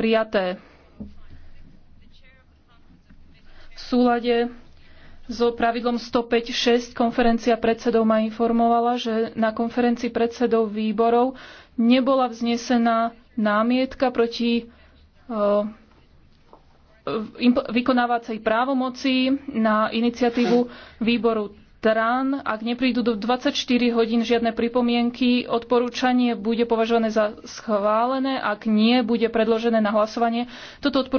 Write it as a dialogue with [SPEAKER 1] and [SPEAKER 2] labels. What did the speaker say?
[SPEAKER 1] prijaté. V súlade so pravidlom 105.6 konferencia predsedov ma informovala, že na konferencii predsedov výborov nebola vznesená námietka proti eh, vykonávacej právomoci na iniciatívu výboru trán, ak neprídu do 24 hodín žiadne pripomienky, odporúčanie bude považované za schválené, ak nie, bude predložené na hlasovanie. Toto odporúčanie